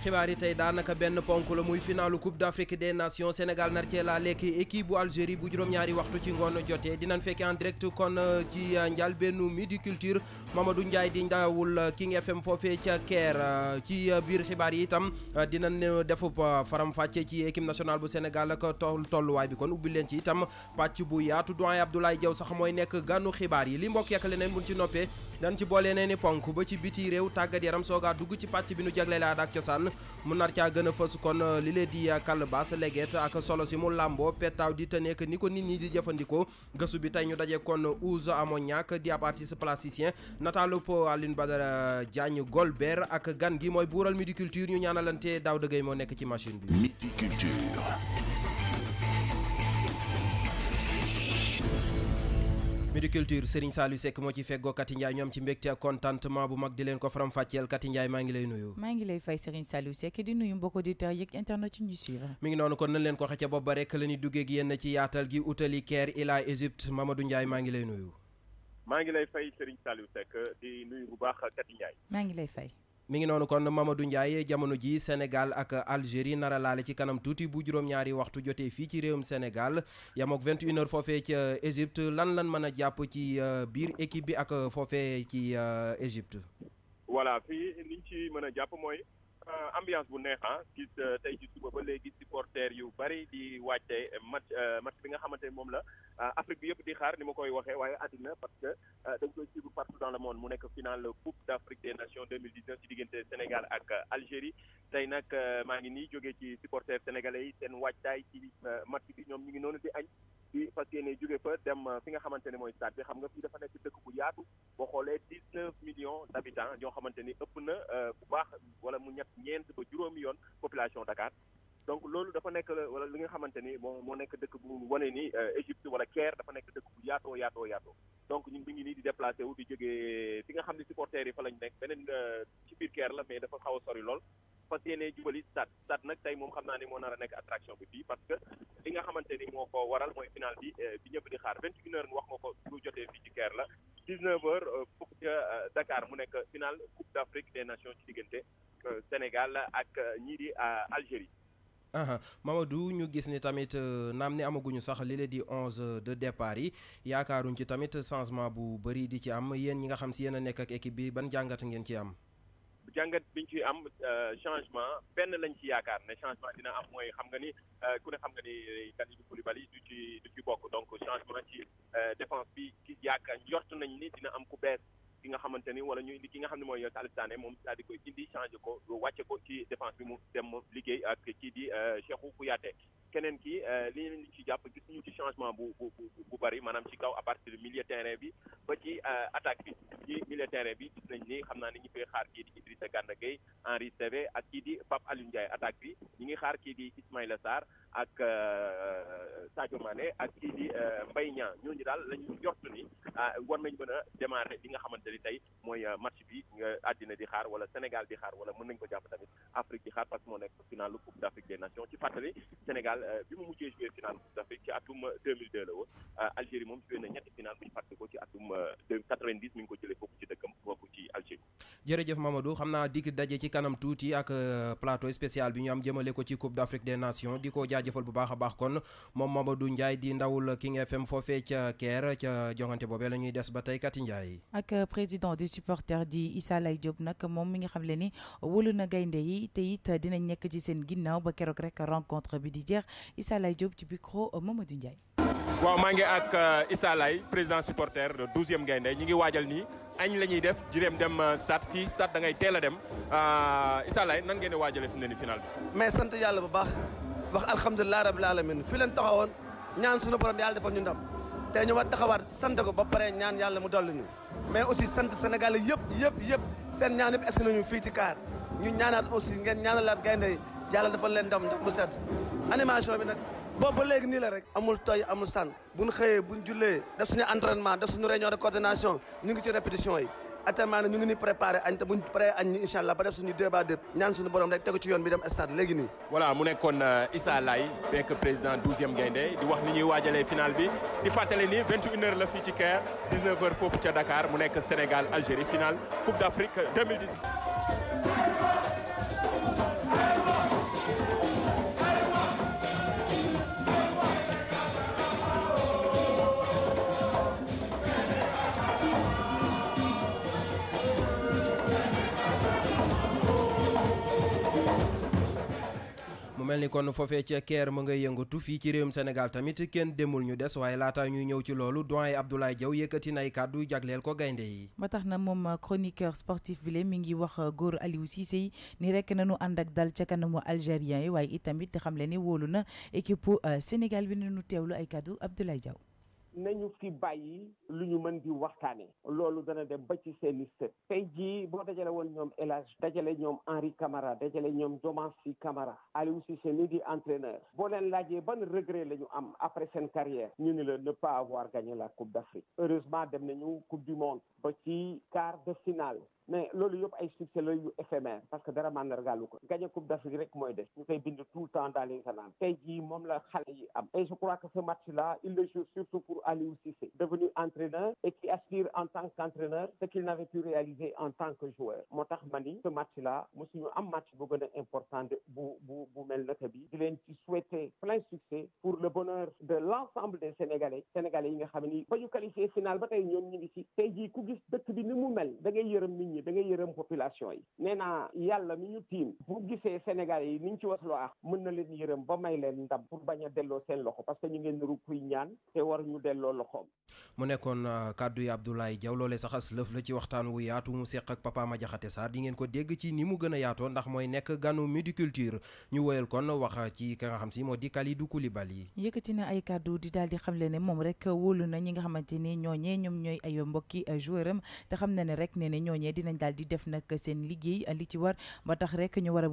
xibaar yi tey daanaka benn ponk la muy finalu coupe d'Afrique des nations Sénégal nar cee laa lekk équipe bu Algérie bu juróom-ñaari waxtu ci ngoon jotee dinañ fekkee en direct kon euh, ci euh, njëlbéenu Midi Culture Mamadou Ndiaye di ndawul euh, King FM foofee ca Caire ci biir xibaar yi itam dinañ defub faram-fàccee ci équipe nationale bu Sénégal ak toll tolluwaay bi kon ubbi leen ci itam pàcc bu yaatu doyen Abdoulaye Diaw sax mooy nekk ganu xibaar yi li mbokk yàq leneen mun ci noppee. dañ ci boole nee ni ponk ba ci biti réew tàggat yaram soogaa dugg ci pàcc bi nu jagleel aada ak cosaan mu nar caa gën a fës kon euh, li lee di euh, kalbas leget ak solo si mu làmboo pettaaw di te nekk ni ko nit ñi di jëfandikoo gësu bi tey ñu daje kon Ouzo Amoniac di ab artiste plasticien nataalub ba euh, Badara Diagne Golbert ak gan gi mooy buural Midi Culture ñu ñaanalante daaw dëggay moo nekk ci machine bi. Midi Culture. midi culture Serigne Saliou Seck moo ci feggoo Kati Ndiaye ñoom ci mbégte ak contentement bu mag di leen ko faram fàcceel Kati Ndiaye maa ngi lay nuyu maa ngi lay fay Serigne Saliou Seck di nuyu mbokk auditeurs yeeg internet yi ñuy suivre mi ngi noonu kon nañ ko xecca bopp ba rek la ñuy duggee ak yéen ci yaatal gi utali Caire ila Égypte Mamadou Ndiaye maa ngi lay nuyu maa ngi bu baax Kati maa ngi lay fay mi ngi noonu kon Mamadou Ndiaye jamono ji Sénégal ak Algérie nara laale ci kanam tuuti bu juróom-ñaari waxtu jotee fii ci réewum Sénégal yam ak 21h foofee ca Égypte lan lan mën a jàpp ci euh, biir équipe bi ak foofee ci euh, Égypte. voilà fii liñ ci mën a jàpp mooy. Euh, ambiance bu neex ah gis euh, tey ci suba ba léegi supporter yu bari di wàcce euh, match match bi nga xamante moom la Afrique bi yëpp di xaar ni ma koy waxee waaye àddina parce que dañ koy suivre partout dans le monde mu nekk finale Coupe d' afrique des Nations 2019 ci diggante Sénégal ak Algérie tey nag maa ngi nii jógee ci supporter sénégalais yi seen wàccaay ci match bi ñoom ñu ngi noonu di añ di fas yéene jóge fa dem uh, fi nga xamante ne mooy stade bi xam nga fii dafa nekk dëkk bu yaatu boo xoolee dix neuf millions d' habitants ñoo xamante ni ëpp na uh, bu baax wala mu ñett ñeent ba juróomi yoon population Dakar donc loolu dafa nekk uh, wala li nga xamante ni moo moo nekk dëkk bu wane ni Égypte wala Caire dafa nekk dëkk bu yaatoo yaatoo yaatoo donc ñu bi ngi nii di déplacé wu di jógee fi nga xam ne supporters yi fa lañ nekk beneen ci biir Caire la mais dafa xaw a sori lool fas yéenee jubali stade stade nag tey moom xam naa ne moo nar a nekk attraction bi fii parce que li nga xamante ni moo ko waral mooy final bi eh, bi ñëpp di xaar vingt une heures wax nga ko lu jotee fii ci Caire la dix neuf heures euh, ca euh, Dakar mu nekk final Coupe d'Afrique des Nations ci diggante euh, Sénégal ak ñii di Algérie uh-huh. Mamadou ñu gis ni tamit naam ni amaguñu sax li la di onze de départ yi yaakaaruñ ci tamit changement bu bëri di ci am yéen ñi nga xam si yéen a nekk ak équipe ban jàngat ngeen ci am jàngat biñ ci am euh, changement benn lañ ci yaakaar ne changement dina am mooy xam nga ni euh, ku ne xam nga ni euh, Kalidou Koulibaly du ci du ci bokk donc changement ci défense bi ki yaakaar njort nañ ni dina am ku bees ki nga xamante ni wala ñu indi ki nga xam ne mooy Salif Sané moom daal di koy indi changé ko wàcce ko ci défense bi mu dem liggéey ak kii di Cheikhou Kouyaté keneen ki euh, li ñu ci jàpp gis ñu ci changement bu bu bu bari maanaam ci kaw à partir du milieu terrain bi ba ci euh, attaque bi ci milieu terrain bi gis nañ ni xam naa ni ñu fay xaar kii di Idrissa Gana Gueye Henri Saivet ak kii di Pape Aliou Ndiaye attaque bi ñu ngi xaar kii di Ismaïla Sarr ak euh, Sadio Mané ak kii di Mbaye Niang ñooñu daal la ñu jort ni war nañ mën a démarrer li nga xamante ni tey mooy match bi nga àddina di xaar wala Sénégal di xaar wala mën nañ ko jàpp tamit Afrique di xaar parce que moo nekk final Coupe d'Afrique des Nations ci fàttali Sénégal final euh, bi mu mujjee joué final Coupe ci atum 2002 euh, la woon euh, Algérie moom joué na ñetti final bu ñu fàtte ko ci atum 90 mi ngi ko jëlee foofu ci dëkkam foofu ci Algérie. jërëjëf Mamadou xam naa dig daje ci kanam tuuti ak plateau spécial bi ñu am jëmale ko ci Coupe d'Afrique des Nations di ko jaajëfal bu baax a baax kon moom Mamadou Ndiaye di ndawul King FM foofee ca Caire ca jongante boobee la ñuy des ba tey Kati Ndiaye. ak président des supporters di Issa Lay Diop nag moom mi nga xam le ni wóolu na gaynde yi te it dinañ nekk ci seen ginnaaw ba keroog rek rencontre bi di jeex. Issa Lay Diop ci micro euh, Mamadou Ndiaye. waaw maa ngi ak euh, Issa président supporter de 12e ñu ngi waajal nii añ la ñuy def jërëm dem euh, stade fii stade da ngay teel a dem Issa Lay nan ngeen di waajalee fi mu ne nii final bi. mais sant yàlla bu baax wax alhamdulilah rabbil alamin fi leen taxawoon ñaan suñu borom yàlla defal ñu ndam te ñu war taxawaat sant ko ba pare ñaan yàlla mu dolli ñu. mais aussi sant Sénégal yëpp yëpp yëpp seen ñaan yëpp est ñu fii ci kaar ñu ñaanaat aussi ngeen ñaanalaat gaynde yi yalla dafa leen ndam ndam bu set animation bi nak boobu ba léegi nii la rek amul toy amul san buñ xeye buñ jullee def suñu entraînement def suñu réunion de coordination ñu ngi ci répétition yi actuellement ñu ngi ni préparer añ buñ paree añ ñi incha ba def suñu débat de ñaan suñu borom rek tegu ci yoon bi dem stade léegi ni voilà mu nekkon euh, Issa Lay nekk président 12e Gaïndé di wax ni ñuy wajalé finale bi di fatalé ni 21 h la fi ci Caire 19 h fofu ci Dakar mu nekk Sénégal Algérie finale Coupe d'Afrique 2010 mel ni kon foofee ca keer mu ngay yëngatu fii ci réewum Sénégal tamit kenn demul ñu des waaye laata ñuy ñëw ci loolu doyen Abdoulaye jaw yëkkati nay kàddu jagleel ko gaynde yi ba tax na moom chroniqueur sportif bi le mi ngi wax góor aliwu Aliou Cissé ni rek nañu ànd ak dal ca kanamu algérien yi waaye itamit xam le ni wóolu na équipe euh, Sénégal bi nañu teewlu ay kàddu Abdoulaye jaw nañu fi bàyyi lu ñu mën di dana dem ba ci seen Henri Camara Camara entraîneur boo leen ban regret après seen carrière ñu ni la ne pas avoir gagné la Coupe d'Afrique heureusement dem nañu Coupe du Monde ba quart de finale mais loolu yëpp ay succès la yu éphémère parce que dara màndargaalu ko gagné coupe d'Afrique rek mooy des ñu koy bind tout le temps dans les annales tey jii moom la xale yi am et je crois que ce match là il le joue surtout pour Aliou Cissé devenu entraîneur et qui aspire en tant qu'entraîneur ce qu'il n'avait pu réaliser en tant que joueur moo tax ce match là c'est am match bu important pour bu bu mel naka bi di leen ci souhaiter plein succès pour le bonheur de l'ensemble des Sénégalais Sénégalais yi nga xam ni ba ñu qualifié final ba tey ñoom ñu ngi ci tey jii ku gis dëkk bi ni mu mel da ngay ñi da ngay yërëm population yi nee yàlla mi ñu tiim bu gisee Sénégal yi ni ñu ci wasloo ak mën na leen yërëm ba may leen ndam pour bañ a delloo seen loxo parce que ñu ngeen ru ñaan te war ñu delloo loxoom mu nekkoon euh, kàddu yi Abdoulaye Diaw loolee lëf la ci waxtaan wu yaatu mu seq ak Papa Madiakhaté Sarr di ngeen ko dégg ci ni mu gën a yaatoo ndax mooy nekk ganu Midi Culture ñu woyal kon wax ci ka nga xam si moo di Kalidou Koulibaly yëkkati na ay kàddu dinañ daal di def uh, a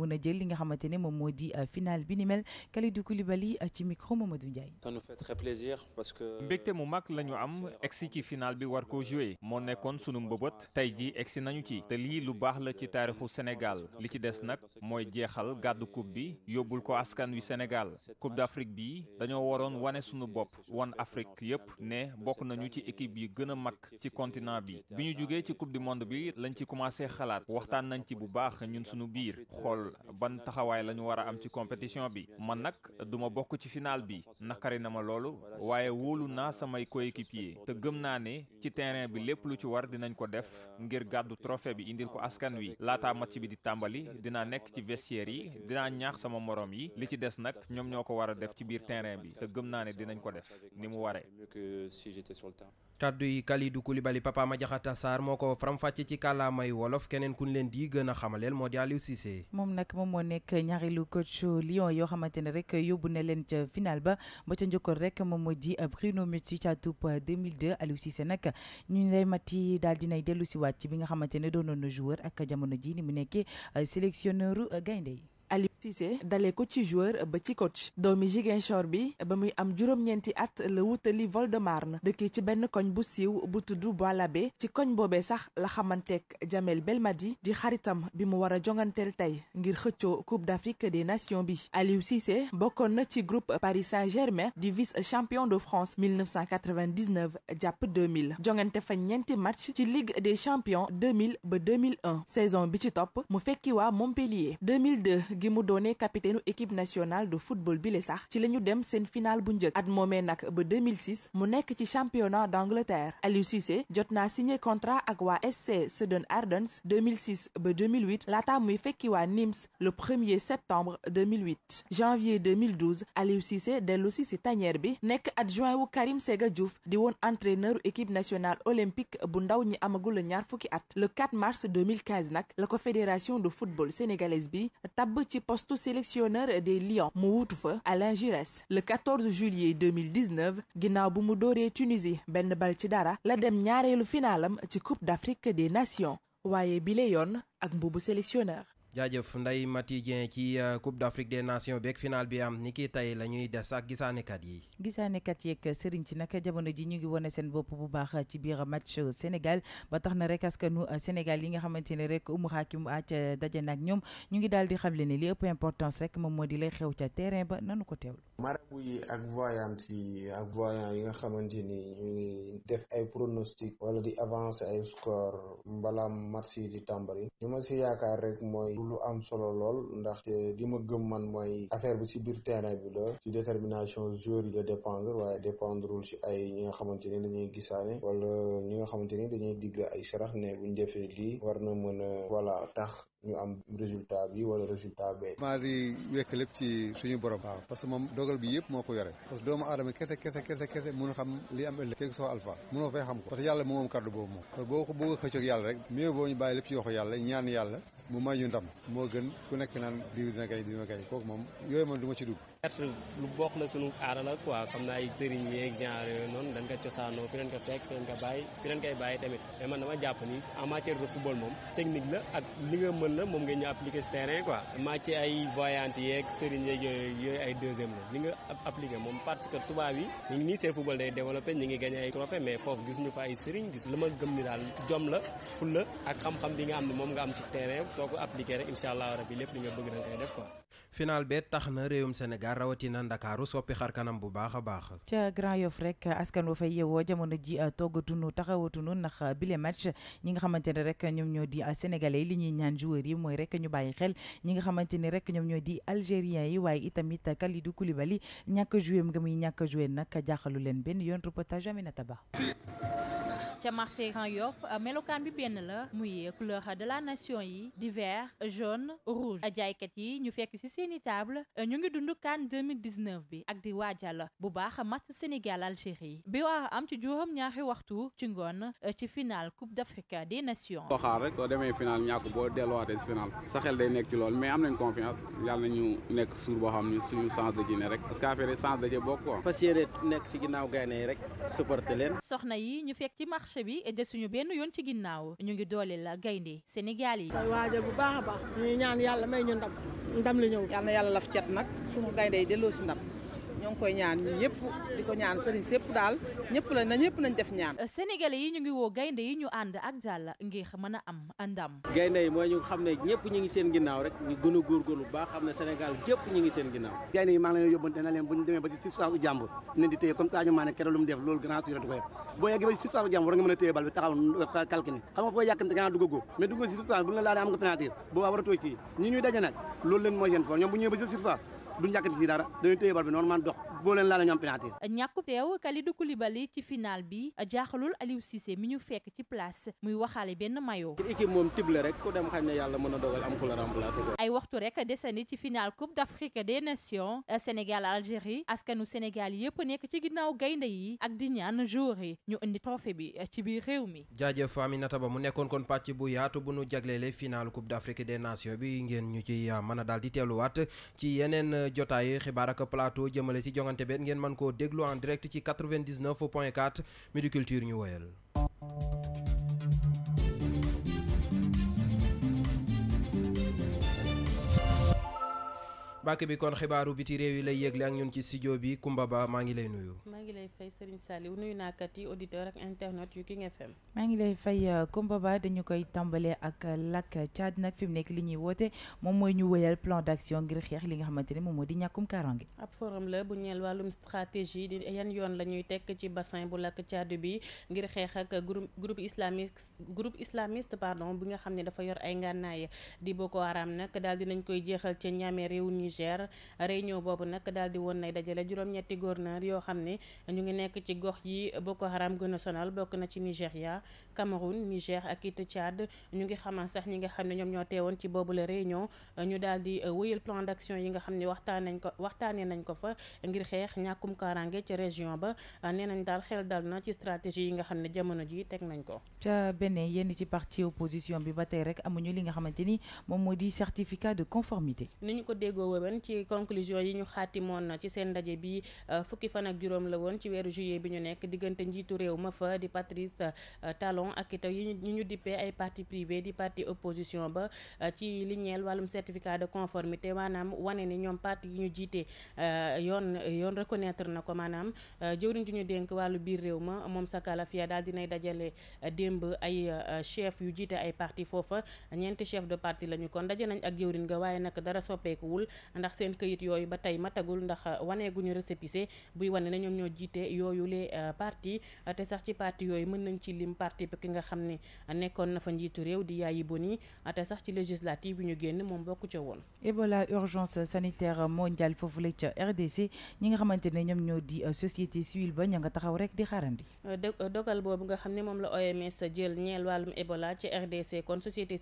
mën a jël li nga xamante ne moo di uh, final bi ni mel Kalidou Koulibaly uh, ci micro Mamadou Ndiaye. ça nous fait très plaisir parce que. Euh, mbégte mu mag la am egsi ci final bi war koo joué moo nekkoon sunu mbëbët tey jii egsi nañu ci te lii lu baax la ci taarixu Sénégal li ci des nag mooy jeexal gàddu coupe bi yóbbul ko askan wi Sénégal coupe d'Afrique bi dañoo waroon wane sunu bopp wan Afrique yépp ne bokk nañu ci équipe yi gën a mag ci continent bi bi ñu jugee ci coupe du monde bi lañ ci commencé xalaat waxtaan nañ ci bu baax ñun suñu biir xool ban taxawaay la ñu war am ci compétition bi man nag duma bokk ci final bi naqari na ma loolu waaye wóolu naa samay coéquipier te gëm naa ne ci terrain bi lépp lu ci war dinañ ko def ngir gàddu trophée bi indil ko askan wi laataa match bi di tàmbali dinaa nekk ci vestiaire yi dinaa ñaax sama moroom yi li ci des nag ñoom ñoo ko war a def ci biir terrain bi te gëm naa ne dinañ ko def ni mu waree. kàddu yi Kalidou Koulibaly Papa kàllaamay wolof keneen ku ñu leen di gën a leen moo di Aliou Cissé. moom nag moom moo nekk ñaareelu coach Lyon yoo xamante ne rek yóbbu na leen ca final ba ba ca njëkkoon rek moom moo di Bruno Metsu ca atum 2002 Aliou Cissé nag ñu lay yi daal dinay dellu si waat ci bi nga xamante ne doonoon na joueur ak jamono jii ni mu nekkee sélectionneur gaynde yi Ali Cissé dalé ko ci joueur ba ci coach doomi Ziguinchor bi ba muy am juróom ñenti at le wutali Vol de marne dëkk ci ben koñ bu siiw bu tuddu bois ci koñ bobé sax la Jamel Belmadi di xaritam bi mu wara jongantel tay ngir xëccio Coupe d'Afrique des Nations bi Aliou Cissé bokon na ci groupe Paris Saint-Germain di vice champion de France 1999 2000 jongante fa ñenti match ci Ligue des champions 2000 2001 saison bi ci top mu fekki wa Montpellier 2002 gi mu doonee capitaine équipe nationale de football bi le sax ci la dem sen finale bu njëkk at momé nak ba 2006 mu nekk ci championnat d'Angleterre Aliou Cissé jotna signé contrat ak wa SC Sedon Ardens 2006 ba 2008 laata muy fekki wa Nîmes le 1er septembre 2008 janvier 2012 Aliou Cissé dellu si tanière bi nekk adjoint wu Karim Sega Diouf di won entraîneur équipe nationale olympique bu ndaw ñi amagul ñaar fukki at le 4 mars 2015 nak la ko fédération de football sénégalaise bi tabb le poste sélectionneur des Lions mu à le 14 juillet 2019 ginnaaw bu Tunisie Ben bal ci dara la dem final Coupe d'Afrique des Nations Waye Bileyon, yoon sélectionneur jaajëf Ndeye Maty Dieng ci euh, Coupe d'Afrique des Nations beeg final bi am ni ki tey la ñuy des ak gisaanekat yi gisaanekat yeeg sëriñ si nag jamono ji ñu ngi wane seen bopp bu baax ci biir match euh, Sénégal ba tax na rek askanu euh, Sénégal yi nga xamante ne rek Oumou Hakim àcc daje na ak ñoom ñu ngi daal di xamle li ëpp importance rek moom moo lay xew ca terrain ba nanu ko teewlu marabu yi ak voyant yi ak voyant yi nga xamante ni ñu def ay pronostic wala di avancer ay score mbala match yi di tàmbali ñu ma si yaakaar rek mooy du lu am solo lool ndax li ma gëm man mooy affaire bi ci biir terrain bi la ci détermination joueur yi la dépendre waaye dépendrewul ci ay ñi nga xamante ni dañuy gisaane wala ñi nga xamante ni dañuy digle ay sarax ne buñ defee lii war na mën a tax ñu am résultat bi wala résultat bee. maa di wekk lépp ci suñu borom. waaw parce que moom dogal bi yëpp moo ko yore. parce que doomu aadama kese kese kese kese xam li am ëllëg. fekk soo alpha mënoo fay xam ko. parce ñaan yàlla mu ma ñu ndam moo gën ku nekk naan diw dina gay dina gay moom yooyu moom du ma ci dugg gerte lu bokk la sunu aada la quoi xam naa ay sëriñ yeeg genre yooyu noonu dañ koy fi leen ko fekk fi leen ko bàyyi tamit mais man dama jàpp yi ñu ngi nii seen football ay trophée mais foofu gisuñu fa ay sëriñ gis lu ma gëm ni daal jom la fulla ak xam-xam bi nga xam ne moom nga am ci terrain soo ko appliqué rek incha allah rabi lépp li nga bëgg da nga def quoi final bee tax na réewum Sénégal rawatina ndakaaru soppi xar kanam bu baax a baax ca Grand Yoff rek askan wa fay yeewoo jamono ji euh, toggatunu taxawatunu ndax euh, bile match ñi nga xamante rek ñoom ñoo di euh, sénégalais li ñuy ñaan joueurs yi mooy rek ñu bàyyi xel ñi nga xamante ni rek ñoom ñoo di algériens yi waaye itamit Kalidou Koulibaly ñàkk joué nga muy ñàkk joué nag jaaxalu leen benn yoon reportage Aminata Ba ca marché Grand Yoff melokaan bi benn la muy couleur de la nation yi di vert jaune rouge a yi ñu fekk ci seeni table CHAN 2019 bi ak di waajal bu baax match Sénégal Algérie bi waa am ci juróom ñaari waxtu ci ngoon euh, ci final Coupe d'Afrique des Nations. boo xaar rek soo demee final ñàkk boo delluwaatee si final sa xel day nekk ci loolu mais am nañ confiance yàlla nañu nekk suur boo xam ne suñu chance de jine rek parce que affaire yi de jine bokk quoi. fas yéene nekk si ginnaaw gaynde yi rek supporter leen. soxna yi ñu fekk ci marché bi desuñu benn yoon ci ginnaaw ñu ngi doole la gaynde Sénégal yi. waajal a ndam li ñëw. yàlla na yàlla laf cat nag sunu gaynde yi delloo si ndam. ñoo ngi koy ñaan ñëpp di ko ñaan sëriñ sépp daal ñëpp la na ñëpp nañ def ñaan euh, sénégalais yi ñu ngi woo gaynde yi ñu ànd ak jàll ngir mën am ndam gaynde yi mooy ñu xam ne ñëpp ngi seen ginnaaw rek ñu gën a góorgóorlu baax xam ne sénégal gépp ñu ngi seen ginnaaw gaynde yi maa ngi leen na leen bu ñu ba ci six saaru jàmbur nañ di téye comme Sadio Mané keroog lu mu def loolu grand suré ko yëpp boo yeggee ba ci six saaru jàmbur nga mën a bal bi taxaw kalkini euh, xam nga foo yàkkamte nga dugg góor mais dugg si six saaru bu la am nga penalty boo war a tooy ñi ñuy daje nag loolu leen mooy seen fort ñoom bu ñëwee ba ci six saaru duñ yàkkante ci dara dañuy téye bal bi normalement dox boo leen laal ñoom penalty ñàkku teew Kalidou ci final bi jaaxalul Aliou Cissé mi ñu fekk ci place muy waxaale benn maillot ci équipe moom tible rek ku dem xam ne yàlla mën a dogal am ku la remplacé ay waxtu rek desani ci final Coupe d'Afrique des Nations Sénégal Algérie askanu Sénégal yëpp nekk ci ginnaaw gaynde yi ak di ñaan joueur yi ñu indi trophée bi ci biir réew mi jaajëf Aminata Ba mu nekkoon kon pàcc bu yaatu bu nu a jotaayu xibaar plateau jëmale ci jongante bet ngeen man en direct ci 99.4 Médiculture ñu woyal mbàkk bi kon xibaaru biti réew yi lay yëgle ak ñun ci studio bi Kumba Ba maa ngi lay nuyu. maa ngi lay fay Serigne Saliou nuyu naa kat auditeur ak internet yu King FM. maa ngi lay fay euh, Kumba Ba dañu koy tàmbalee ak euh, làkk Tchad nag fi nekk li ñuy woote moom mooy ñu wëyal plan d'action ngir xeex li nga xamante ne moom moo di ñàkkum kaaraange. ab forum la bu ñeel wàllum stratégie di yoon la ñuy tekk ci bassin bu làkk Tchad bi ngir xeex ak groupe groupe islamique groupe islamiste pardon bi nga xam Niger réunion boobu nag daal di woon nay dajale juróom-ñetti gouverneur yoo xam ne ñu ngi nekk ci gox yi bokk Haram gën a sonal bokk na ci Nigéria Cameroun Niger ak it Tchad ñu ngi xaman sax ñi nga xam ne ñoom ñoo teewoon ci boobu la réunion ñu daal di euh, wéyal plan d'action yi nga xam ne waxtaan nañ ko waxtaanee nañ ko fa ngir xeex ñàkkum kaaraange ca région ba euh, nee nañ daal xel dal na ci stratégie yi nga xam ne jamono ji teg nañ ko. ca beneen yenn ci parti opposition bi ba tey rek amuñu li nga xamante ni moom moo di certificat de conformité. woon ci conclusion yi ñu moon na ci seen ndaje bi euh, fukki fan ak juróom la woon ci weeru juillet bi ñu nekk diggante njiitu réew ma fa di Patrice euh, Talon ak itaw yi ñu dippee ay parti privé di parti opposition ba euh, ci li ñeel wàllum certificat de conformité maanaam wane ni ñoom parti yi ñu jiite yoon yoon reconnaître na ko maanaam jëwriñ ju ñu dénk wàllu biir réew ma moom Sakala Fia daal dinay dajale démb ay chef yu jiite ay parti foofa ñeenti chef de parti lañu kon daje nañ ak jëwriñ nga waaye nag dara soppeekuwul ndax seen këyit yooyu ba tey matagul ndax euh, waneeguñu récépissé buy wane ne ñoom ñoo jiite yooyu les euh, parti euh, te sax ci parti yooyu mën nañ ci lim parti bi ki nga xam ne nekkoon na fa njiitu réew di Yaayi Boni te sax ci législative yu ñu génn moom bokku ca woon. Ebola urgence sanitaire mondiale foofule ca RDC ñi nga xamante ne ñoom ñoo di société civile ba ña nga taxaw rek di xaarandi. dogal boobu nga xam ne moom la OMS jël ñeel wàllum Ebola ci RDC kon société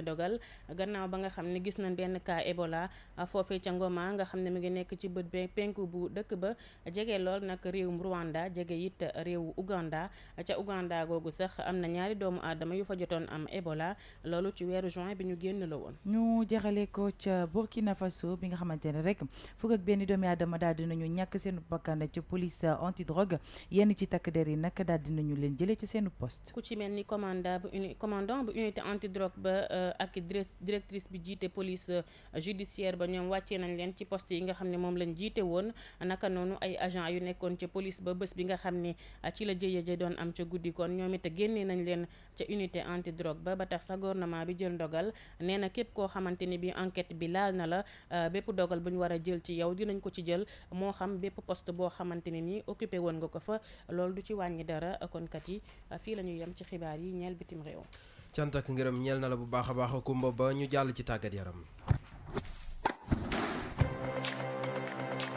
ca dogal gannaaw ba nga xam ne gis nañ benn cas Ebola foofee ca Ngoma nga xam ne mu ngi nekk ci bët be penku bu dëkk ba jege lool nag réewum Rwanda jege it réew Uganda ca Uganda googu sax am na ñaari doomu aadama yu fa jotoon am Ebola loolu ci weeru juin bi ñu génn la woon. ñu jaxale ko ca Burkina Faso bi nga xamante ne rek fukk ak benn doomu aadama daal dinañu ñàkk seen bakkan ca police anti drogue yenn ci takk der yi nag daal ñu leen jële ci seen poste. ku ak directrice bi jiite police euh, judiciaire ba ñoom wàccee nañ leen ci poste yi nga xam ne moom lañ jiite woon naka noonu ay agent yu nekkoon ca police ba bés bi nga xam ne euh, ci la jëye ja doon am ca guddi kon ñoom it génnee nañ leen ca unité anti drogue ba ba tax sa gouvernement bi jël ndogal nee na képp koo xamante ni bi enquête bi laal na la euh, bépp dogal bu ñu war a jël ci yow dinañ ko ci jël moo xam bépp poste boo xamante ne ni occupé woon nga ko fa loolu du ci wàññi dara kon yi fii la ñuy yem ci xibaar yi ñeel bitim réew cantak ngeureum ñel na la bu baaxa baaxa baax kumba ba ñu jall ci tagat yaram.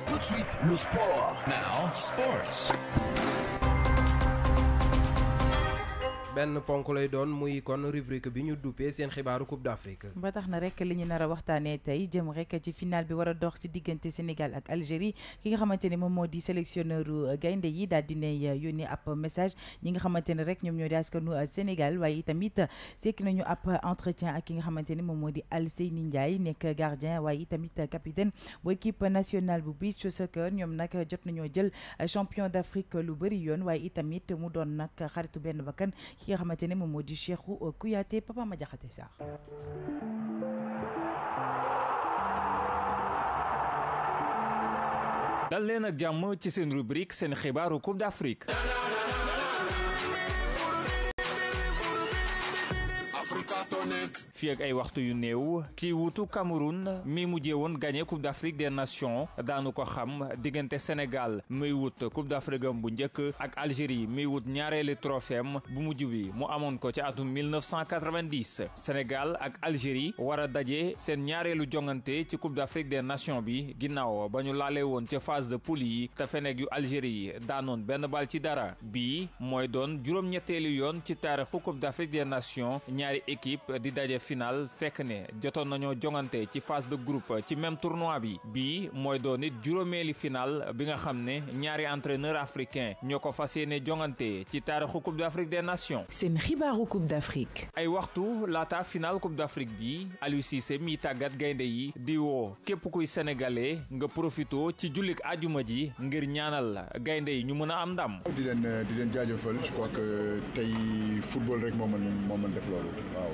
Tout de suite le sport. Now sports. benn ponk lay doon muy kon rubrique bi ñu duppee seen xibaaru Coupe d'Afrique. ba tax na rek li ñu nar a waxtaanee tey jëm rek ci final bi war a dox si diggante Sénégal ak Algérie ki nga xamante ne moom moo di sélectionneur gaynde yi daal di nay yónnee ab message ñi nga xamante ne rek ñoom ñoo di askanu Sénégal waaye tamit sekk nañu ab entretien ak ki nga xamante ne moom moo di Alseyni Ndiaye nekk gardien waaye tamit capitaine bu équipe nationale bu beach soccer ñoom nag jot nañoo jël champion d'Afrique lu bëri yoon waaye itamit mu doon nag xaritu benn bakkan. ki xamante ne moom moo di Cheikhou euh, Kouyaté Papa ma jaxate dal leen ak jàmm ci seen rubrique seen xibaaru Coupe d'Afrique fii ak ay waxtu yu néew kii wutu Cameroun mi mujjee woon gagné coupe d' Afrique des daanu ko xam diggante Sénégal muy wut coupe bu njëkk ak Algérie muy wut ñaareelu trophée bu mujj bi mu amoon ko ci atum 1990 Sénégal ak Algérie war a daje seen ñaareelu jongante ci coupe d' Afrique nation nations bi ginnaaw ba ñu laalee woon ca phase de poule yi te feneg yu Algérie daanoon benn bal ci dara bii mooy doon juróom-ñetteelu yoon ci taarixu coupe d' Afrique di daje final fekk ne jotoon nañoo jongante ci phase de groupe ci même tournoi bi bi moy do nit juróomeeli final bi nga xamné ñaari entraîneur africain ñoko ko jonganté ci taarixu coupe d'Afrique des nations. seen xibaaru coupe d'Afrique. ay waxtu ta final coupe d'Afrique bi Aliou Cissé mi tagat gaynde yi di wo képp kuy sénégalais nga profito ci jullik ajuma ji ngir ñaanal gaynde yi ñu mëna am ndam. di leen di leen jaajëfal je crois que tay football rek mo mën def lolu waaw.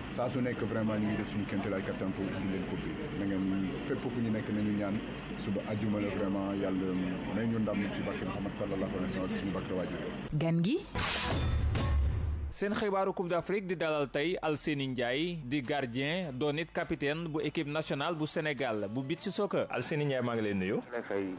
saa su nekk vraiment ñu ngi def suñu kéemte laay kattan pour di leen ko bi na fu ñu nekk nañu ñaan suba àjjuma la vraiment yàlla may ñu ndam ci barke Muhammad sallallahu alayhi wa sallam suñu barke waajur gan gi seen xibaaru coupe d'afrique di dalal tey Alseni Ndiaye di gardien doon it capitaine bu équipe nationale bu sénégal bu bit beach soccer Alseni Ndiaye ma ngi lay nuyu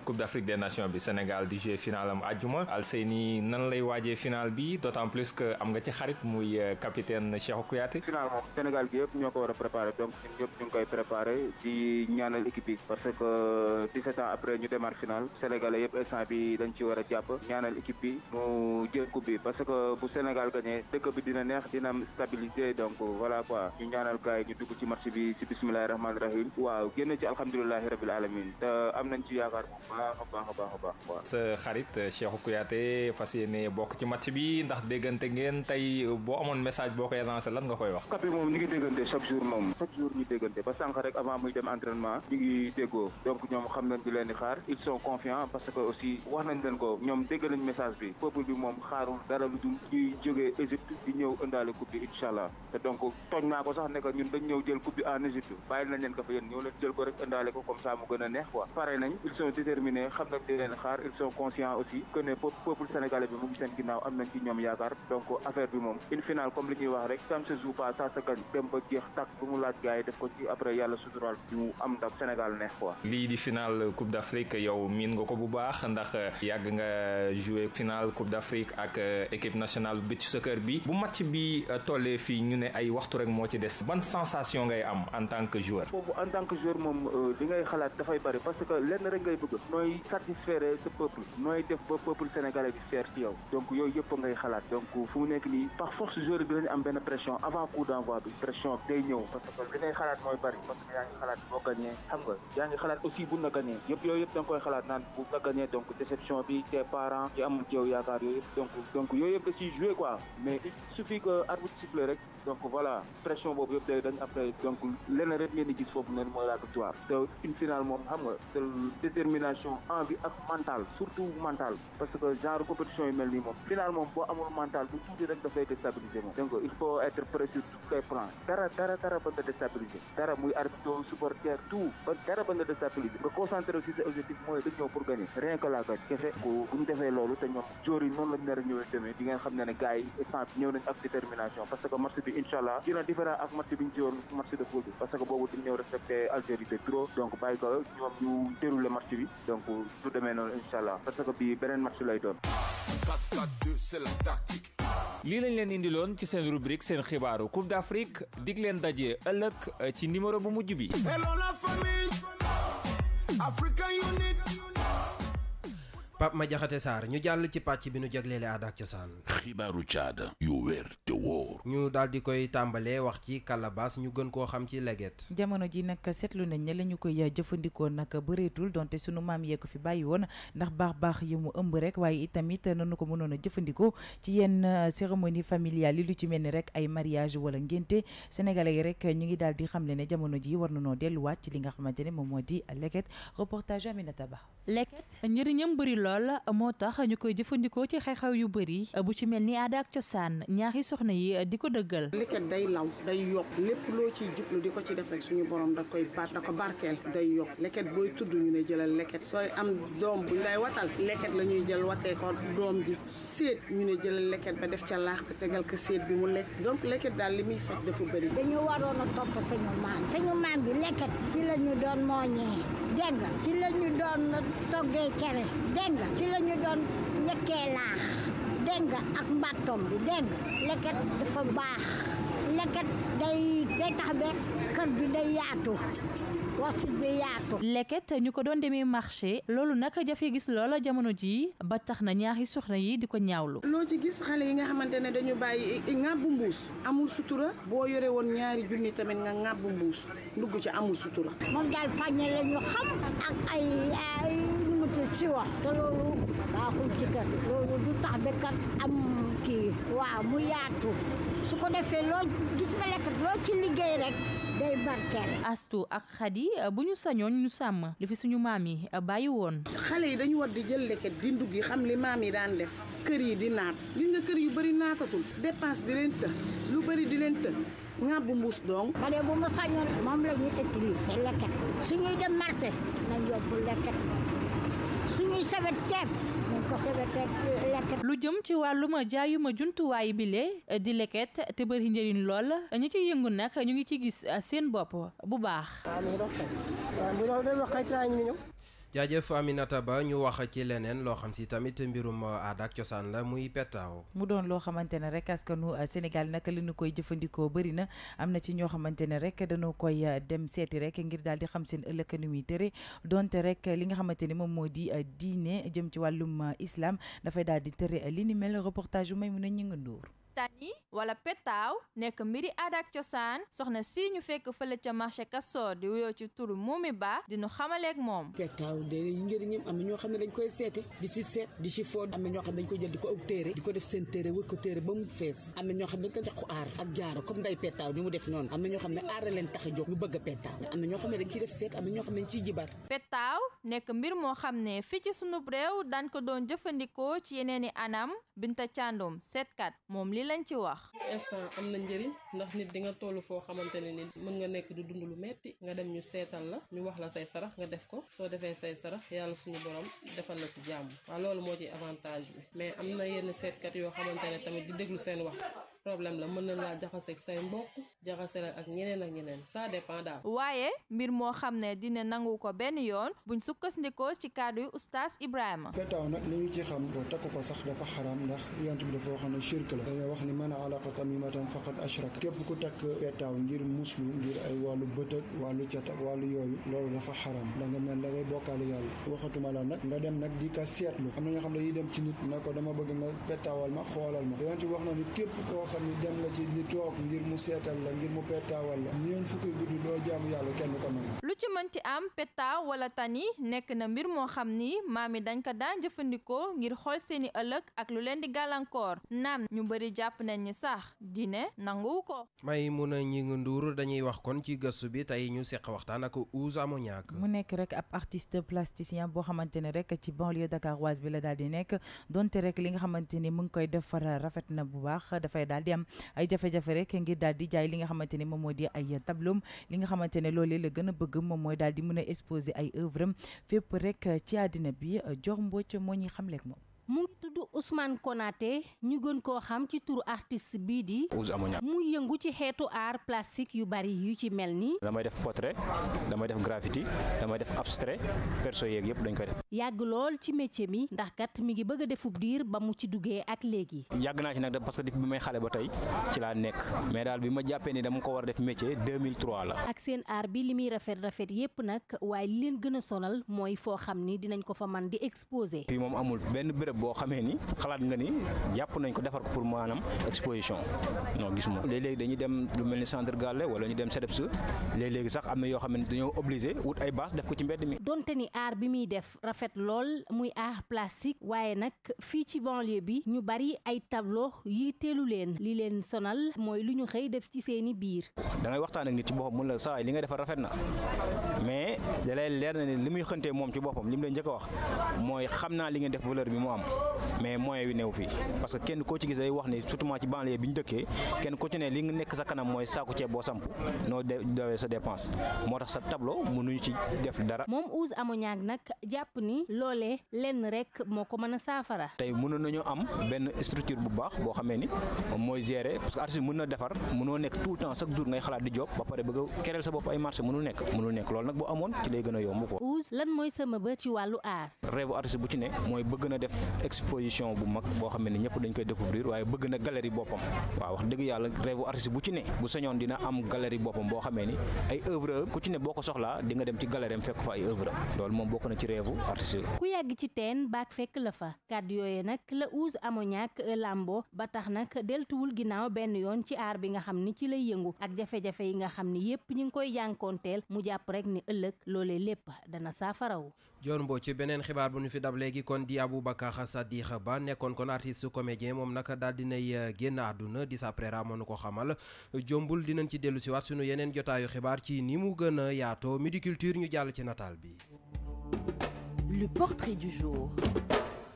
coupe d'afrique des nations bi sénégal di jouer final am aljuma al seni nan lay waajee final bi d'autant plus que am nga ci xarit muy euh, capitaine Cheikhou Kouyaté final moom sénégal gi yépp ñoko wara préparer donc ñun yépp ñu koy préparer di ñaanal équipe bi parce que 17 euh, ans après ñu démarre final sénégal yépp instant bi dañ ci wara japp ñaanal équipe bi mu jël coupe bi parce que bu sénégal gagné dëkk bi dina neex dina am stabilité donc voilà quoi ñu ñaanal gars yi ñu dugg ci marché bi ci bismillahir rahmanir rahim waaw génn ci alhamdulilahi rabbil alamin te am nañ ci yaakaar bu baax a baax a baax a baax quoi sa xarit eh, cheikh Kouyaté fas yéene bokk ci match bi ndax déggante ngeen tey boo amoon message boo koy lancé lan nga koy wax kapi moom ñu ngi déggante chaque jour moom chaque jour ñu déggante ba sànq rek avant muy dem entraînement ñu ngi déggoo donc ñoom xam nañ di leen di xaar ils sont confiants parce que aussi wax nañ leen ko ñoom dégg nañ message bi peuple bi moom xaarul dara lu dul ñuy jógee Égypte di ñëw ëndaale coupe bi incha te donc togn naa ko sax ne ko ñun dañ ñëw jël coupe bi en Égypte bàyyi nañ leen ko fa yéen ñëw leen jël ko rek ëndaale ko comme ça mu gën a neex quoi pare nañ ils sont déterminés xam nañ di leen xaar ils sont conscients aussi que ne peuple sénégalais bi mu ngi seen ginnaaw am nañ ci ñoom yaakaar donc affaire bi moom une finale comme li ñuy wax rek ça se joue pas ça se gagne dem ba jeex tak bu mu laaj gars def ko ci après yàlla suturaal ñu am ndax Sénégal neex quoi lii di finale coupe d'Afrique yow miin nga ko bu baax ndax yàgg nga jouer finale coupe d'Afrique ak équipe nationale beach soccer bi bu match bi euh, tollee fi ñu né ay waxtu rek mo ci dess ban sensation ngay am en tant que joueur. foofu en tant que joueur mom di euh, ngay xalat da fay bari parce que lenn rek ngay bëgg noy satisfaire sa peuple noy def ba peuple sénégalais bi fier ci yow donc yoy yëpp ngay xalat donc fu mu nekk nii par force joueur bi dañu am ben pression avant coup d'envoi bi pression day ñëw parce que li ngay xalaat mooy bari parce que yaa ngi xalaat boo gañee xam nga yaa ngi xalaat aussi bu na gañee yëpp yoy yëpp da koy xalat nan bu na gañee donc déception bi tes parents yi am ci yow yaakaar yooyu yëpp donc donc yoy yëpp da ciy joué quoi mais suffit que arbitre siffle rek donc voilà pression bobu yëpp day dañ après donc leneen rek ngeen di gis foofu neen mooy la victoire te une finale mom xam nga te détermination envie ak mental surtout mental parce que genre compétition yu mel nii moom final moom amul mental bu tout rek dafay déstabiliser moom donc il faut être précis sur les plans dara dara dara ba nga déstabiliser dara muy arbitre supporter tout ba dara ba nga déstabiliser nga concentrer aussi sa objectif mooy de ñoo pour gagner rien que la gagne kefe ko bu ñu defee te ñoo jori non noonu lañ nar a ñëwee di nga xam né gaay gars ñëw nañ ak détermination parce que match bi incha allah dina différent ak match bi ñu jiwoon match de poule bi parce que boobu dañ ñëw respecté Algérie de trop donc bàyyi ko ñoom ñu déroulé match bi donc du demee noonu incha parce que bii beneen match lay doon. lii lañ leen indiloon ci seen rubrique seen xibaaru Coupe d'Afrique dig leen ëllëg ci numéro bu mujj bi. Hello la famille, Africa Unit. Pape Madiakhate Sarr ñu jàll ci pàcc bi nu jagleele aada ak cosaan xibaaru caada yu wér te wóor ñu daal di koy tàmbalee wax ci kalabas ñu gën koo xam ci leget jamono ji nag seetlu nañ ne la ñu koy jëfandikoo nag bëreetul donte sunu maam yee ko fi bàyyi woon ndax baax baax yi mu ëmb rek waaye itamit nanu ko mënoon a jëfandikoo ci yenn euh, cérémonie familiale yi lu ci mel ni rek ay mariage wala ngénte sénégalais yi rek ñu ngi daal di xam ne ne jamono ji war na noo delluwaat ci li nga xamante ne moom moo di leget reportage Aminata lool moo tax ñu koy jëfandikoo ci xew-xew yu bëri bu ci mel ni aada ak cosaan ñaari soxna yi di ko dëggal. leket day law day yokk lépp loo ci jublu di ko ci def rek suñu boroom da koy baat da ko barkeel day yokk leket booy tudd ñu ne jëlal leket sooy am doom buñ lay watal leket la ñuy jël watee ko doom ji séet ñu ne jëlal leket ba def ca laax ba tegal ko séet bi mu lekk donc leket daal li muy fekk dafa bëri. dañu waroon a topp suñu maam suñu maam bi leket nga ci la ñu doon lekkee laax dégg nga ak mbàttom bi leket dafa baax leket day day tax ba kër day yaatu wasit bi yaatu. leket ñu ko doon demee marché loolu nag jafe gis loola jamono jii ba tax na ñaari soxna yi di ko ñaawlu. loo ci gis xale yi nga xamante ne dañu bàyyi ŋàbbu mbuus amul sutura boo yore woon ñaari junni tamit nga ŋàbbu mbuus ndugg ci amul sutura. moom daal pàññe la xam ak ay ay nu si wax te loolu baaxul ci kër loolu du tax ba am kii waaw mu yaatu. su ko defee loo gis nga lekkat loo ci liggéey rek day barkeel. astu ak xadi bu ñu sañoon ñu sàmm li fi suñu maam yi bàyyi woon. xale yi dañu war di jël leket di ndugg yi xam li maam yi daan def kër yi di naat gis nga kër yu bëri naatatul dépense di leen të lu bëri di leen të ŋàbb mbuus dong. ma bu ma sañoon moom la ñuy utiliser lekkat su ñuy dem marché nañ yóbbu lekkat su ñuy ceeb. lu jëm ci wàllum jaayuma juntuwaay bile di leket te bëri njëriñ lool ñu ci yëngu nag ñu ngi ci gis seen bopp bu baax jaajëf Aminata Ba ñu wax ci leneen loo xam si tamit mbirum aada ak cosaan la muy pettaaw mu doon loo xamante ne rek askanu euh, Sénégal naka li ñu koy jëfandikoo bëri na am na ci ñoo xamante ne rek dañoo koy euh, dem seeti rek ngir daal di xam seen ëllëg nu muy tëre donte rek li nga xamante ne moom moo di euh, diine jëm ci wàllum islam dafay daal di tëre li ni mel reportage yu may mun a ñëngandóor tani wala petaaw nekk mbiri aada ak cosaan soxna sii ñu fekk fële ca marché Castor di wuyoo ci turu Moumi Ba di nu xamaleeg moom petaaw de yi am na ñoo xam ne dañ koy seet di si foo am na xam ne dañ koy di ko ëpp téere di def seen téere wër ko téere ba mu fees am ne dañ ko ko aar ak jaaro comme def noonu am na ñoo xam ne aar leen tax a jóg ñu bëgg a petaaw am na ñoo xam ne dañ ciy def na ñoo xam ne dañ ciy jibar petaaw nekk mbir moo xam ne fii ci sunub réew daan ko doon jëfandikoo ci yeneeni anam Binta Càndum seetkat moom li li lañ ci wax. instant am na njëriñ ndax nit di nga toll foo xamante ne ni mën nga nekk di dund lu metti nga dem ñu seetal la ñu wax la say sarax nga def ko soo defee say sarax yàlla suñu borom defal na si jàmm waaw loolu moo ci avantage bi mais am na yenn seetkat yoo xamante ne tamit di déglu seen wax problème la mën nañ laa jaxaseeg say mbokk jaxase la ak ñeneen ak ñeneen ça dépend daal. waaye mbir moo xam ne dina nangu ko benn yoon buñ sukkandikoo ci kàddu yu oustaz Ibrahima. petaaw nag li ñu ci xam takk ko sax dafa xaram ndax yonent bi dafa wax ne shirk la dañoo wax ni man alaqa tamimatan faqad ashraka képp ku takk petaaw ngir muslu ngir ay wàllu bët wàllu cat ak wàllu yooyu loolu dafa xaram da nga mel da ngay bokkaale yàlla waxatuma la nag nga dem nag di ka seetlu am na ñoo xam ne yi dem ci nit na ko dama bëgg nga petaawal ma xoolal ma yonent bi wax na ni képp koo xam ne dem nga ci ni toog ngir mu seetal la ngir mu pettaawal la ñeent fukki guddi doo jaamu yàlla kenn ko nangu lu ci mënti am pettaaw wala yi nekk na mbir moo xam ni maam yi dañ ko daan jëfandikoo ngir xool seeni ëllëg ak lu leen di gàllankoor naam ñu bëri jàpp nañ ni sax diine nanguwu ko. may mun a ñi ngi nduur dañuy wax kon ci gëstu bi tey ñu seq waxtaan ak Ouz Amoniac. mu nekk rek ab artiste plasticien boo xamante ne rek ci banlieue dakaroise bi la daal di nekk donte rek li nga xamante ni mu ngi koy defar rafet na bu baax dafay nga xamante ne moom moo di ay tableau li nga xamante ne lool loolee la gën a bëgg moom mooy daal di mën a exposer ay œuvre am fépp rek ci àddina bi jox Mbodj moo xam xamleek moom du Ousmane Konaté ñu gën koo xam ci turu artiste bii di. Ouz Amoniak mu yëngu ci xeetu art plastique yu bari yu ci mel ni. damay def portrait damay def graffiti damay def abstrait perso yeeg yëpp dañ ko def. yàgg lool ci métier mi ndax kat mi ngi bëgg a defub diir ba mu ci duggee ak léegi. yàgg naa ci nag parce que depuis bi may xale ba tey ci la nekk mais daal bi ma jàppee ni dama ko war a def métier 2003 la. ak seen art bi li muy rafet rafet yëpp nag waaye li leen gën a sonal mooy foo xam ni dinañ ko fa man di exposer. fii moom amul benn béréb boo xamee ne ni xalaat nga ni jàpp nañ ko defar ko pour maanaam exposition non gisuma léeg-léeg dañuy dem lu mel ni centre Galle wala ñu dem CDEPS léeg-léegi sax am na yoo xam ne dañoo obligé ay bâche def ko ci mbedd mi. donte ni aar bi muy def rafet lool muy aar plastique waaye nag fii ci banlieue bi ñu bari ay tableau yi teelu leen li leen sonal mooy lu ñu xëy def ci seeni biir. da waxtaan ak nit ci boppam mun la saa li nga defar rafet na mais da leer na ni li muy xëntee moom ci boppam li mu leen njëkk wax mooy xam naa li ngeen def valeur bi mu am. mais moyen wi néew fii parce que kenn koo ci gis day wax ni surtout ci banlieue bi ñu dëkkee kenn ko ci ne li nga nekk sa kanam mooy saaku ceeb boo samp noo dawee sa dépense moo tax sa tableau mënuñu ci def dara. moom Ouz Amoniang jàpp ni loolee lenn rek moo ko mën a saafara. tey na nañoo am benn structure bu baax boo xamee ni mooy gérer parce que artiste mën na defar mënoo nekk tout le temps chaque jour ngay xalaat di job ba pare bëgg a kereel sa bopp ay marché mënul nekk mënul nekk loolu nag boo amoon ci lay gën a ne mooy bëgg na def expo exposition bu mag boo xam ne ñëpp dañ koy découvrir waaye bëgg na galerie boppam waaw wax dëgg yàlla rêve artiste bu ci ne bu sañoon dina am galerie boppam boo xamee ni ay œuvre ku ci ne boo ko soxlaa di dem ci galerie fekk fa ay œuvre loolu moom bokk na ci rêve artiste ku yàgg ci teen baak fekk la fa kàddu yooyu nag la Ouz Amoniack làmbo ba tax nag deltuwul ginnaaw benn yoon ci aar bi nga xam ni ci lay yëngu ak jafe-jafe yi nga xam ni yépp ñu ngi koy jànkoonteel mu jàpp rek ni ëllëg loolee lépp dana saafarawu joor mboo ci beneen xibaar bu ñu fi dab léegi kon di Aboubacar Ba nekkoon kon artiste comédien moom naka daal dinay eh, génn àdduna dis après ramon ko xamal jombul dinañ ci dellu siwaat sunu jotta yu xibar ci ni mu gëna Midi Culture ñu jall ci natal bi. Le portrait du jour.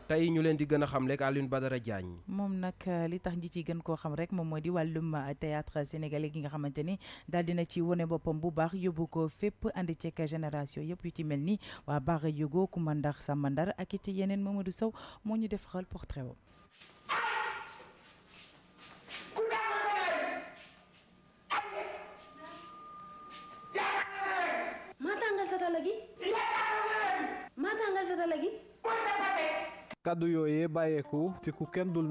tey ñu leen di gën a xam ba Alioune Badara Diagne. moom nag euh, li tax ñi ci gën koo xam rek moom moo di wàllum euh, théâtre sénégalais gi nga xamante ni daal dina ci wone boppam bu baax yóbbu ko fépp ànd ceeg génération yëpp yu ci mel nii waa Bara Diogo Coumba Ndar Samba Ndar ak it yeneen Mamadou Sow moo ñu defaral portrait wam maa tàngal sa tala gi maa tàngal sa tala gi kàddu yooyee bàyyeeku ci ku kenn dul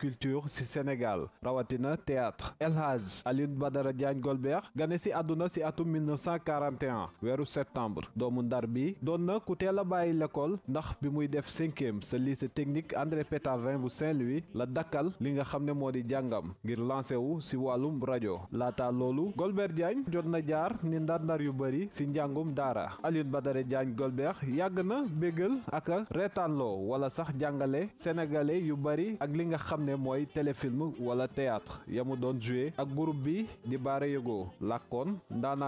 culture si Sénégal rawatina théâtre El Hadj Alioune Badara Diagne Golbert gane si àdduna ci atum 1941 weeru septembre doomu ndar bi doon na ku teel a bàyyi l'école ndax bi muy def cinquième sa lycée technique André Pétavin bu Saint-Louis la dakkal li nga xam ne moo di jàngam ngir lancé wu ci wàllum rajo laata loolu Golbert Diagne jot na jaar ni ndar-ndar yu Alioune Badara Diagne Golbert yagna na bégal ak waxtaanloo wala sax jangale sénégalais yu bari ak li nga xamné moy téléfilm wala théâtre yamu mu jouer ak groupe bi di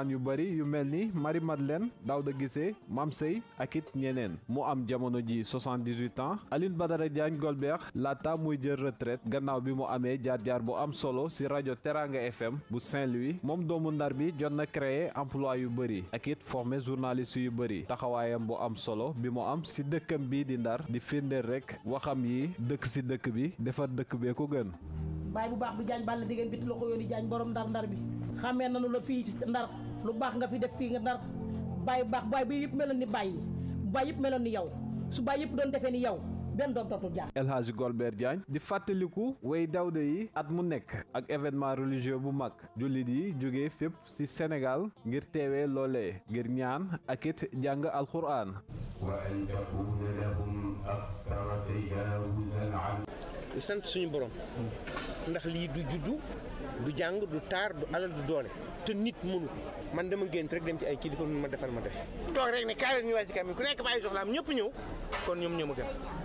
yu bari yu melni Marie Madeleine dawda Guissé mam Sey ak it ñeneen mu am jamono ji 78 ans aline Badara Diagne Golbert lata muy jël retraite gannaaw bi mu amé jaar-jaar bu am solo ci Radio Teranga FM bu Saint-Louis Mom doomu ndar bi jot na créer emploi yu bari ak it formé journaliste yu bari taxawayam bu am solo bi mu am ci dëkkam bi di ndar Sarr di firndeel rek waxam yi dëkk si dëkk bi defar dëkk bee ko gën. baay bu baax bu jaañ balla diggéen biti la ko yoon yi jaañ borom ndar-ndar bi xamee nañu la fii ci ndar lu baax nga fi def fii nga ndar baay bu baax baay bi yëpp meloon ni bàyyi yi baay yëpp meloon ni yow su baay yëpp doon defe ni yow. benn doom dootul jàng El Hadj Golbert Diagne di fàttaliku way dawde yi at mu nekk ak événement religieux bu mag jullit yi jóge fépp ci Sénégal ngir teewee loolee ngir ñaan ak it jàng alquran wa an takuna lahum akthara tajawuzan an sant suñu borom ndax lii du juddu du jàng du taar du alal du doole te nit mënu ko man dama gént rek dem ci ay kilifa mun ma defal ma def toog rek ne kaay ñu wàcc ci ku nekk bàyyi soxlaam ñëpp ñëw kon ñoom ñoo ma gën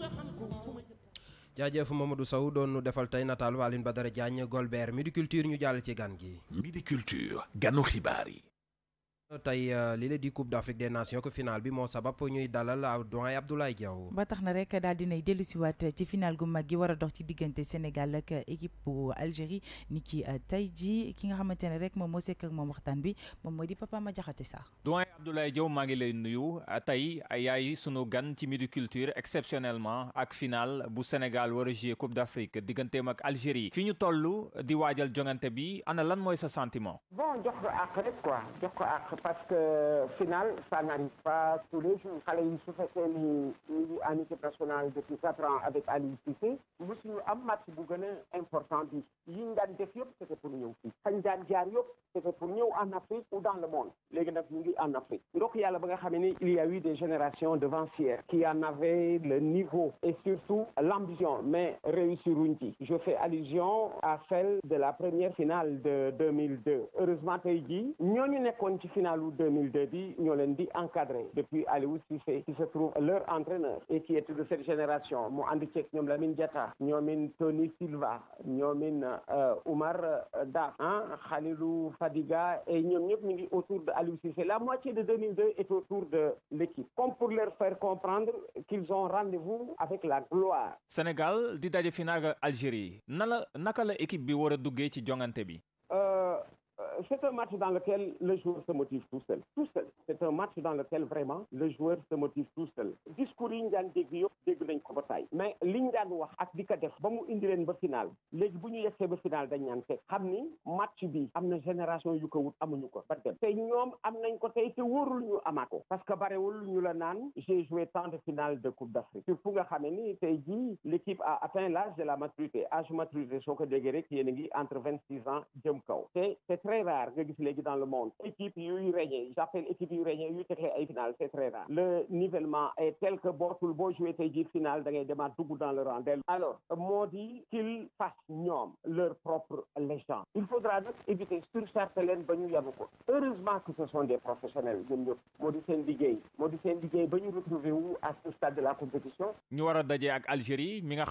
jaajëf Mamadou Sow doon nu defal tey nataalu Alioune Badara Diagne Golbert midi culture ñu jàll ci gan gi. midi culture ganu xibaar yi. tay euh, li la di Coupe d'Afrique des Nations que final bi mo sabab ñuy dalal doyen Abdoulaye Diaw. ba taxna na rek daal dinay dellusiwaat ci final gu maggi wara dox ci diggante Sénégal ak équipe Algérie niki ki euh, tey ki nga xamante rek moom mo sék ak moom waxtan bi modi di Papa ma jaxati sax. doyen Abdoulaye Diaw ma ngi lay nuyu euh, tey yaay sunu gan ci Midi Culture exceptionnellement ak final bu Sénégal wara jouer Coupe d'Afrique digganteem ak Algérie fi ñu toll di wajal jongante bi ana lan moy sa sentiment. bon jox ko ak rek quoi jox ko ak parce que final ça n'arrive pas tous les jours xale il se fait en depuis 4 ans avec Aliou Nous mosuñu un match bu important bi yi ñu def c'était pour nous. fii fañ daan jaar c'était pour nous en Afrique ou dans le monde Les gens nous en Afrique Donc, yàlla ba nga il y a eu des générations devancières qui en avaient le niveau et surtout l'ambition mais réussir une ci je fais allusion à celle de la première finale de 2002 heureusement nous n'avons pas eu ci finale Finalou 2002 bi ñoo leen di encadré depuis Aliou Cissé qui se trouve leur entraîneur et qui est de cette génération mu ànd ceeg ñoom Lamine Diatta ñoomin Tony Silva ñoomin euh, Oumar Omar euh, ah hein, Khalilou Fadiga et nous ñëpp ñu ngi autour de Aliou Cissé la moitié de 2002 est autour de l'équipe comme pour leur faire comprendre qu'ils ont rendez-vous avec la gloire Sénégal di daje fi Algérie na équipe bi war a duggee ci bi euh, c'est un match dans lequel le joueur se motive tout seul. Tout seul. C'est un match dans lequel vraiment le joueur se motive tout seul. discours yi ñu daan dégg yëpp mais li ñu daan wax ak di finale. def ba mu indi leen ba final léegi bu ñu yegsee final dañ match bi am génération yu ko wut amuñu ko ba c'est te ñoom am nañ ko parce que barewul ñu la j'ai joué tant de finales de coupe d'Afrique surtout nga xamee ni tey l'équipe a atteint l'âge de la maturité âge maturité soo ko déggee entre 26 ans jëm kaw c'est très très rare que ce soit dans le monde équipe yuy régné j'appelle équipe yuy régné final c'est très rare le nivellement est tel que bon, tout le beau jii final da ngay dans le rang alors Maudit, qu'ils fassent leur propre légende il faudra donc éviter sur leen ba ñu yabu ko heureusement que ce sont des professionnels Maudit ñëpp Maudit di seen liggéey moo vous à ce stade de la compétition Nous avons dit avec ak Algérie mi nga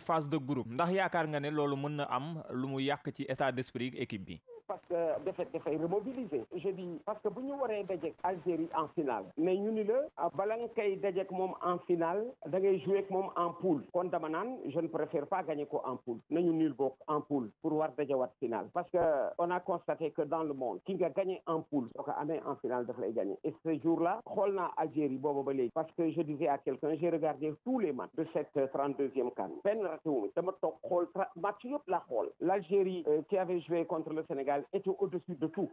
phase de groupe ndax yaakaar nga ne loolu mën na am lu ci état d'esprit équipe bi parce que il est remobiliser je dis parce que buñu waré waree Algérie en finale mais ñu ni pas bala nga koy mom en finale da ngay jouer ak en poule kon dama je ne préfère pas gagner ko en poule nañu nul pas en poule pour war dajewaat finale parce que on a constaté que dans le monde qui a gagné en poule soo a gagné en finale daf lay gagné et ce jour là xolna Algérie booba ba parce que je disais à quelqu'un j'ai regardé tous les matchs de cette 32e canne ben raté wu dama tok xol match la l'Algérie euh, qui avait joué contre le Sénégal était au-dessus de tout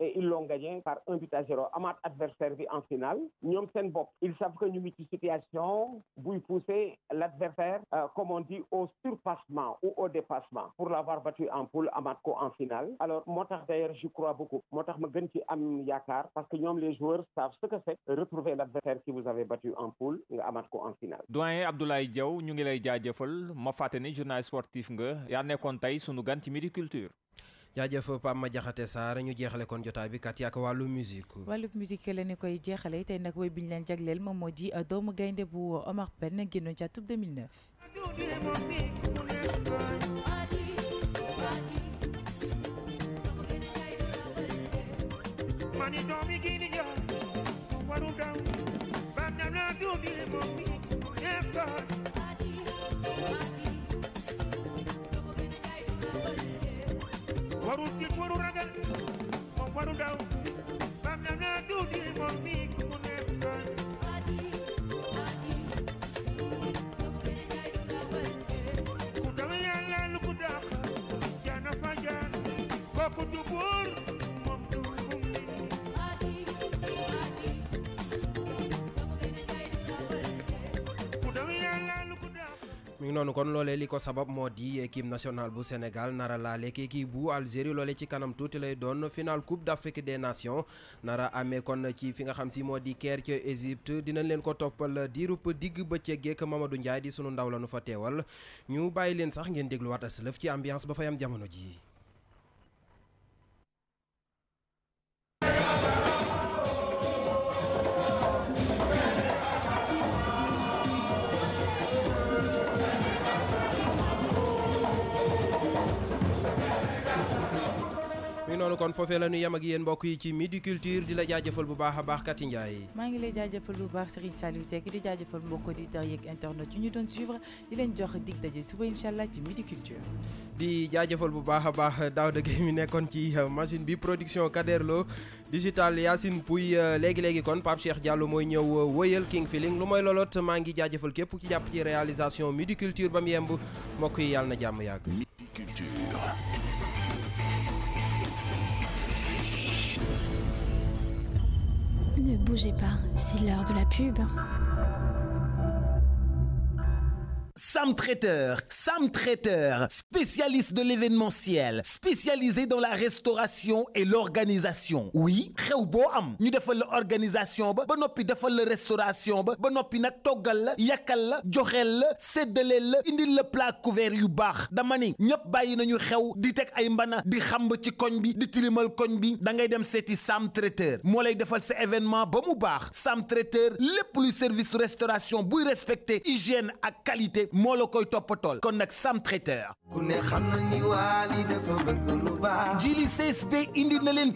et ils l'ont gagné par un but à zéro adversaire en finale ils savent que nous mettons situation pousser l'adversaire euh, comme on dit au surpassement ou au dépassement pour l'avoir battu en poule à en finale alors moi, d'ailleurs je crois beaucoup parce que les joueurs savent ce que c'est retrouver l'adversaire qui vous avez battu en poule à en finale Abdoulaye journal sportif jaajëf Pape Madiakhaté Sarr ñu jeexale kon jotaay bi kat ak wàllu musique wàllu musique la ni koy jeexale tey nag woy bi ñu leen jagleel moom moo di euh, doomu gaynde bu Omar Pène génnoon ca tub 2009 mani warul tiit warul ragal moom warul noonu kon lolé liko équipe nationale bu Sénégal nara la équipe bu Algérie lolé ci kanam lay final coupe d'Afrique des nations nara amé kon ci fi nga xam si di Égypte dinañ len ko Mamadou Ndiaye di ndaw fa ñu ambiance ba noonu kon fofé la ñu yem ak yeen mbokk yi ci midi culture di la jaajëfal bu baax baax kat Ndiaye ma ngi lay jaajëfal bu baax Serigne salif sek di jaajëfal mbokk auditeurs yeeg internet yu ñu doon suivre di leen jox dig dajé suba inshallah ci midi culture di jaajëfal bu baax baax Daouda Gueye mi nekkoon ci euh, machine bi production Kader Lo digital yassine Pouy légui euh, légui kon pap Cheikh Diallo moy ñew euh, weyel King Feeling lu moy lolot ma ngi jaajëfal képp ci japp ci réalisation midi culture ba yemb mbokk yi yàlla na jàmm yàgg midi culture Ne bougez pas, c'est l'heure de la pub. Sam Traiteur. Sam Traiteur, spécialiste de l'événementiel, spécialisé dans la restauration et l'organisation. Oui, très boo am ñu defal la organisation ba ba la restauration ba ba noppi nag toggal la yàkkal la joxeel la indil le plat couvert yu baax dama ni ñëpp bàyyi nañu xew di tek ay mbana di xamb ci koñ bi di tilimal koñ bi da ngay dem Sam Traiteur Moi, lay defal ce événement ba mu Sam Traiteur Le plus service restauration bu respecter... hygiène ak qualité moo la koy toppatool kon nag Sam Traiteur ku ne xam na ni waali dafa bëgg lu baax jili CSP indi na leen